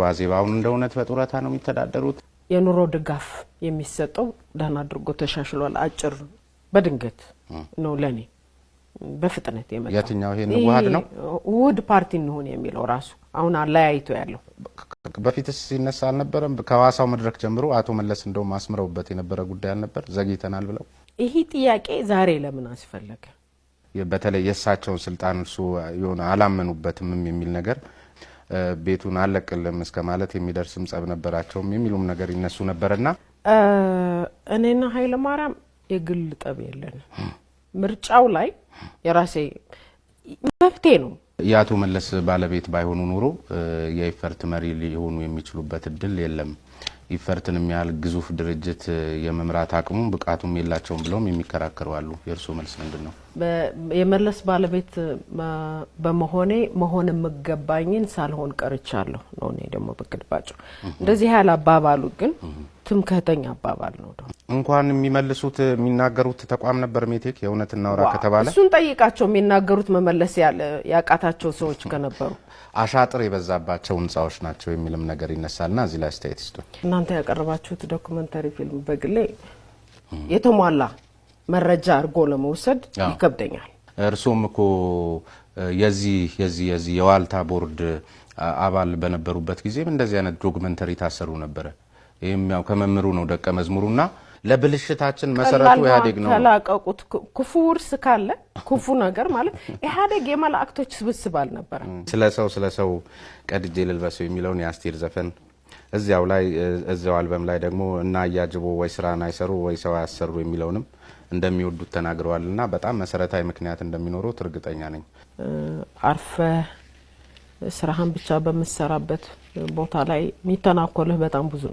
ዋዜብ እንደ እውነት በጡረታ ነው የሚተዳደሩት። የኑሮ ድጋፍ የሚሰጠው ደህና አድርጎ ተሻሽሏል። አጭር በድንገት ነው ለእኔ በፍጥነት የመጣው የትኛው ይሄ ውሀድ ነው ውህድ ፓርቲ እንሆን የሚለው ራሱ አሁን አለያይቶ ያለው በፊትስ ሲነሳ አልነበረም። ከሐዋሳው መድረክ ጀምሮ አቶ መለስ እንደውም አስምረውበት የነበረ ጉዳይ አልነበር ዘግይተናል ብለው ይህ ጥያቄ ዛሬ ለምን አስፈለገ? በተለይ የእሳቸውን ስልጣን እርሱ የሆነ አላመኑበትም የሚል ነገር ቤቱን አለቅልም እስከ ማለት የሚደርስም ጸብ ነበራቸውም የሚሉም ነገር ይነሱ ነበርና እኔና ኃይለ ማርያም የግል ጠብ የለን ምርጫው ላይ የራሴ መፍትሄ ነው የአቶ መለስ ባለቤት ባይሆኑ ኑሮ የኢፈርት መሪ ሊሆኑ የሚችሉበት እድል የለም። ኢፈርትን የሚያህል ግዙፍ ድርጅት የመምራት አቅሙም ብቃቱም የላቸውም ብለውም የሚከራከሩ አሉ። የእርስዎ መልስ ምንድን ነው? የመለስ ባለቤት በመሆኔ መሆን የምገባኝን ሳልሆን ቀርቻለሁ ነው እኔ ደግሞ በግልባጩ እንደዚህ ያህል አባባሉ ግን ትምክህተኛ አባባል ነው። እንኳን የሚመልሱት የሚናገሩት ተቋም ነበር ሜቴክ። የእውነት እናውራ ከተባለ እሱን ጠይቃቸው። የሚናገሩት መመለስ ያቃታቸው ሰዎች ከነበሩ አሻጥር የበዛባቸው ህንፃዎች ናቸው የሚልም ነገር ይነሳልና እዚህ ላይ አስተያየት ይስጡ። እናንተ ያቀረባችሁት ዶክመንተሪ ፊልም በግሌ የተሟላ መረጃ አድርጎ ለመውሰድ ይከብደኛል። እርሱም እኮ የዚህ የዚህ የዚህ የዋልታ ቦርድ አባል በነበሩበት ጊዜም እንደዚህ አይነት ዶክመንተሪ ታሰሩ ነበረ። ይህም ያው ከመምህሩ ነው ደቀ መዝሙሩና ለብልሽታችን መሰረቱ ኢህአዴግ ነው። ተላቀቁት። ክፉ ውርስ ካለ ክፉ ነገር ማለት ኢህአዴግ የመላእክቶች ስብስብ አልነበረ። ስለ ሰው ስለ ሰው ቀድጄ ልልበሰው የሚለውን የአስቴር ዘፈን እዚያው ላይ እዚያው አልበም ላይ ደግሞ እና እያጅቦ ወይ ስራን አይሰሩ ወይ ሰው አያሰሩ የሚለውንም እንደሚወዱት ተናግረዋል። እና በጣም መሰረታዊ ምክንያት እንደሚኖሩት እርግጠኛ ነኝ። አርፈ ስራህን ብቻ በምትሰራበት ቦታ ላይ የሚተናኮልህ በጣም ብዙ ነው።